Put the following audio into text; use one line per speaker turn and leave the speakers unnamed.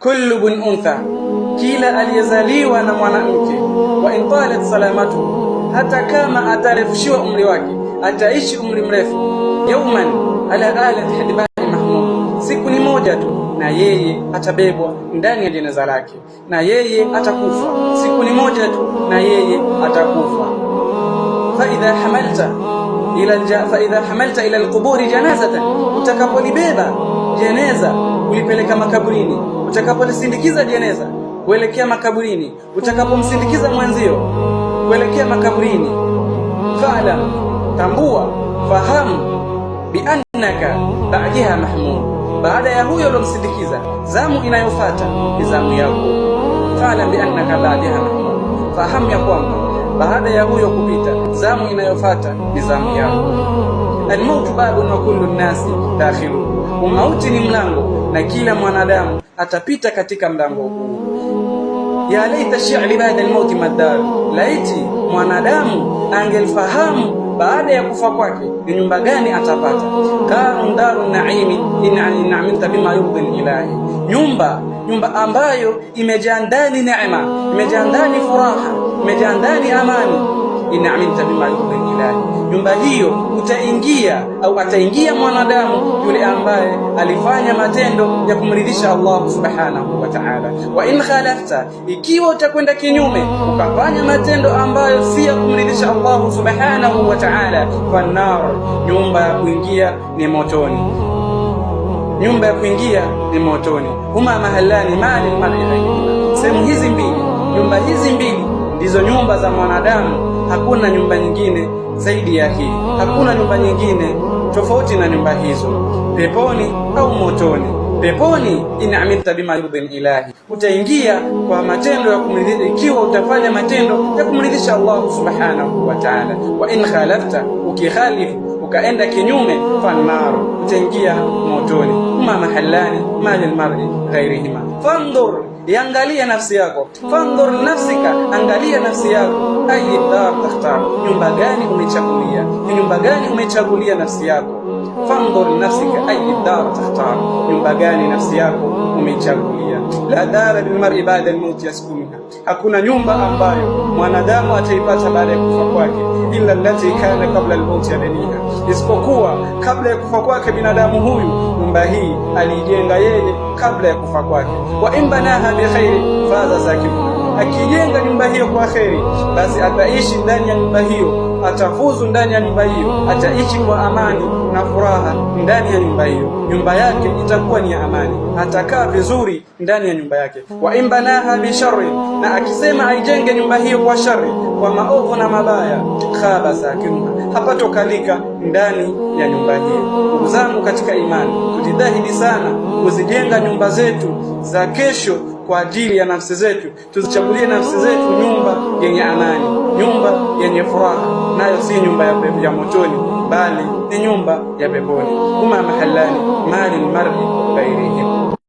kullu bun untha, kila aliyezaliwa na mwanamke. Wa intalat salamatu, hata kama atarefushiwa umri wake, ataishi umri mrefu. Yauman ala alati hadibai mahmud, siku ni moja tu, na yeye atabebwa ndani ya jeneza lake, na yeye atakufa. Siku ni moja tu, na yeye atakufa. Fa idha hamalta faidha hamalta ila alquburi janazatan, utakapolibeba jeneza ulipeleka makaburini utakaponisindikiza jeneza kuelekea makaburini, utakapomsindikiza mwenzio kuelekea makaburini, falam, tambua, fahamu biannaka ba'daha mahmud, baada ya huyo ulomsindikiza, zamu inayofuata ni zamu yako. Falam biannaka ba'daha mahmud, fahamu ya kwamba baada ya huyo kupita, zamu inayofuata ni zamu yako. Almautu babun wa kullu nnasi dakhiluhu, umauti ni mlango na kila mwanadamu atapita katika mlango huu. ya laita shi'ri ba'da al-mauti madar, laiti mwanadamu angelfahamu baada ya kufa kwake ni nyumba gani atapata. Darun daru naimi in amilta bima yurdi ilahi nyumba nyumba ambayo imejaa ndani neema, imejaa ndani furaha, imejaa ndani amani inamta bima ilahi, nyumba hiyo utaingia au ataingia mwanadamu yule ambaye alifanya matendo ya kumridhisha Allah subhanahu wa ta'ala. Wa in khalafta, ikiwa utakwenda kinyume ukafanya matendo ambayo si ya kumridhisha Allah subhanahu wa ta'ala, fannar, nyumba ya kuingia ni motoni, nyumba ya kuingia ni motoni. Huma mahallani mali mali, sehemu hizi mbili, nyumba hizi mbili ndizo nyumba za mwanadamu Hakuna nyumba nyingine zaidi ya hii, hakuna nyumba nyingine tofauti na nyumba hizo, peponi au motoni. Peponi bima bimayurdhin ilahi, utaingia kwa matendo ya kumridhisha, ikiwa utafanya matendo ya kumridhisha Allah subhanahu wa ta'ala. Wa in khalafta, ukikhalifu ukaenda kinyume, fannaru, utaingia motoni. Ma mahallani mali lmari ghairihima fandhur iangalie nafsi yako, fandhur nafsika, angalia nafsi yako. Ayi dar takhtar, nyumba gani umechagulia? Ni nyumba gani umechagulia nafsi yako? Fandhur nafsika, ayi dar takhtar, nyumba gani nafsi yako umechagulia? La dara lilmari baada lmauti yaskunha, hakuna nyumba ambayo mwanadamu ataipata baada ya kufa kwake illa allati kana kabla lmauti yabaniha, isipokuwa kabla ya kufa kwake binadamu huyu nyumba hii aliijenga yeye kabla ya kufa kwake. wa imbanaha bikhairi, fadha zake. akijenga nyumba hiyo kwa kheri, basi ataishi ndani ya nyumba hiyo, atafuzu ndani ya nyumba hiyo, ataishi kwa amani na furaha ndani ya nyumba hiyo. Nyumba yake itakuwa ni ya amani, atakaa vizuri ndani ya nyumba yake. wa imbanaha bi sharri, na akisema aijenge nyumba hiyo kwa shari, kwa maovu na mabaya, khaba sakinuha, hapatokalika ndani ya nyumba hiyo. Ndugu zangu katika imani, tujitahidi sana kuzijenga nyumba zetu za kesho kwa ajili ya nafsi zetu, tuzichagulie nafsi zetu nyumba yenye amani, nyumba yenye furaha, nayo si nyumba ya, ya motoni, bali ni nyumba ya peponi. huma mahallani mali lmari ghairihi